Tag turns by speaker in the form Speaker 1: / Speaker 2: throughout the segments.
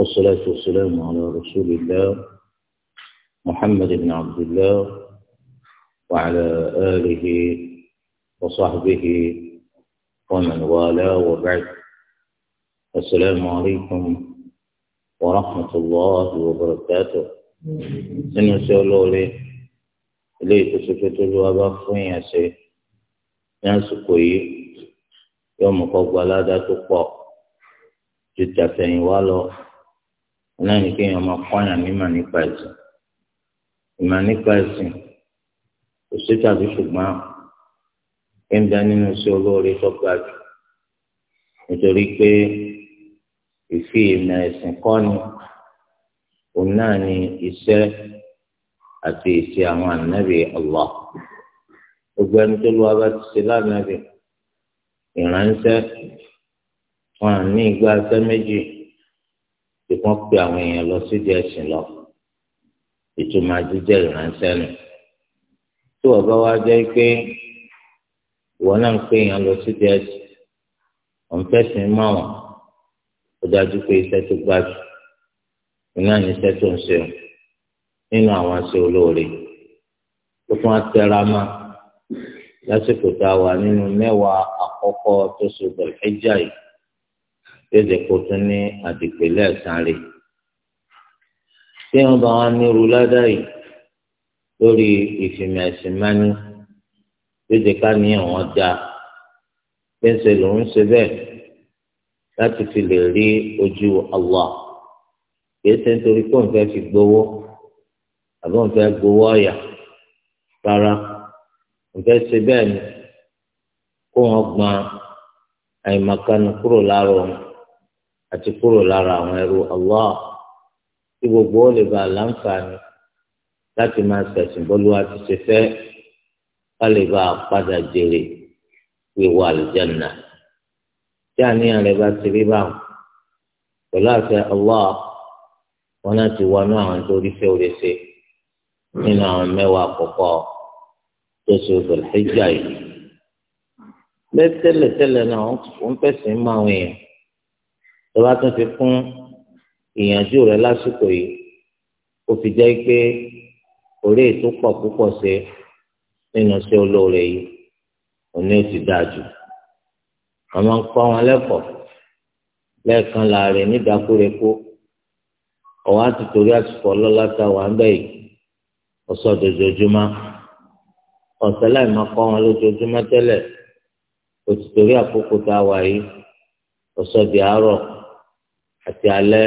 Speaker 1: والصلاة والسلام على رسول الله محمد بن عبد الله وعلى آله وصحبه ومن والاه وبعد السلام عليكم ورحمة الله وبركاته شاء الله لي لي تسكتوا الجواب فين يسي كوي يوم قبل هذا تقوى جدا فين والو náà ní kéèyàn máa kọ́yàn mímọ̀ nípa ẹ̀sìn ìmọ̀ nípa ẹ̀sìn kò sí tàbí ṣùgbọ́n ń bẹ nínú sí olóore tó ga jù nítorí pé ìfi ìmọ̀ ẹ̀sìn kọ́ ni òun náà ni iṣẹ́ àti ìṣe àwọn ànábì Allah gbogbo ẹni tó lu abá ti ṣe lánàbì ìránṣẹ́ wọn ní ìgbà ẹsẹ̀ méjì pé wọ́n pe àwọn èèyàn lọ sídìí ẹ̀sìn lọ ìtumọ̀ jíjẹ́ ìránṣẹ́ nù tí wọ́n bá wá jẹ́ pé ìwọ náà ń pe èèyàn lọ sídìí ẹ̀sìn òun fẹ́sìn mọ́ wọn ó dájú pé iṣẹ́ tó gbájú iná ní iṣẹ́ tó ń ṣe o nínú àwọn aṣọ olóore ó tún atẹ́ra lásìkò tá a wà nínú mẹ́wàá àkọ́kọ́ tó ṣe bẹ̀rẹ̀ ẹ̀já yìí kéde kó tún ní àdìpẹ̀lẹ̀ ẹ̀sán rè tí wọn bá wá ní irú ládàá yìí lórí ìfìmọ̀ ẹ̀sìn mání kéde ní àwọn dáa pẹ́ńsẹ̀ ló ṣe bẹ́ẹ̀ láti fi lè rí ojú Allah kìí ṣe nítorí pé òun fẹ́ fi gbowó àbí òun fẹ́ gbowó ọ̀yà rárá òun fẹ́ ṣe bẹ́ẹ̀ ni kó wọn gbọn àìmọ̀kánu kúrò lára òun àti kúrò lára àwọn ẹrú Allah tí gbogbo ó lè ba láǹfààní láti máa ṣẹ̀sìn bọ́lúwa ti ṣe fẹ́ ká lè bá a padà jèrè wíwọ àlùjánnà tí àníyàn rẹ bá ti rí báwọn pẹ̀lú àṣẹ Allah wọn náà ti wọnú àwọn tó rí fẹ́ orí ṣe nínú àwọn mẹ́wàá àkọ́kọ́ tó ṣe Dhul Hijja yìí lẹ́tẹ̀lẹ̀tẹ̀lẹ̀ náà wọ́n fẹ̀sìn máa wọ̀nyẹn tó bá tún fi kún ìyànjú rẹ lásìkò yìí ó fi jẹ́ pé orí ètò pọ̀ púpọ̀ ṣe nínú iṣẹ́ olóore yìí òní ò ti dáa jù àmọ́ ń kọ́ wọn lẹ́kọ̀ọ́ lẹ́ẹ̀kan láàrin nídàkúrekú ọ̀wá ti torí àsìkò ọlọ́lá ta wà ń bẹ̀ yìí ọ̀sọ̀ dòdòdúmá ọ̀sẹ̀ láì máa kọ́ wọn lójoojúmọ́ tẹ́lẹ̀ òtítọ́rí àkókò tá a wà yìí ọ̀sọ̀ di àárọ̀ àti alẹ́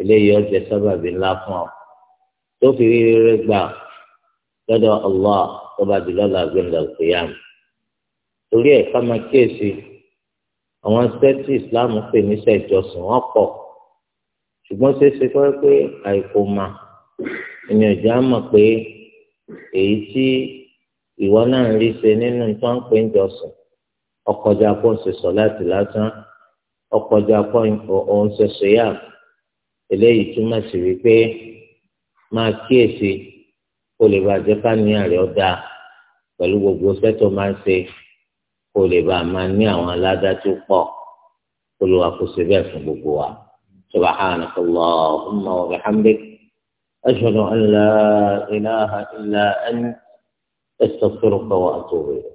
Speaker 1: eléyìí ọjọ́ sábàbí ńlá fún ọ tó fi rí rere gbà lọ́dọ̀ Allah tó bá di lọ́la gbẹ̀ndà òkèèyàn torí ẹ̀ ká máa kíyèsí àwọn sẹ́tì ìsìláàmù pè níṣẹ́ ìjọsìn wọn pọ̀ ṣùgbọ́n ṣeéṣe fẹ́ pé àìkò mà ènìyàn jẹ́ àmọ̀ pé èyí tí ìwọ náà ń rí ṣe nínú tó ń pè ń jọsìn ọkọjà kó ṣe sọ láti lásán ọkọjà pọ́ìn òun ṣoṣo yá eléyìí túmọ̀ sí wípé máa kíyèsí kó lè bàjẹ́ káníyàn rẹ̀ ọ̀dà pẹ̀lú gbogbo sẹ́tọ̀ máa ń ṣe kó lè bá máa ní àwọn aládá tó pọ̀ kó lè wà kó ṣe bẹ́ẹ̀ fún gbogbo wa. سبحانك اللهم وبحمدك أشهد أن لا إله إلا أنت أستغفرك وأتوب إليك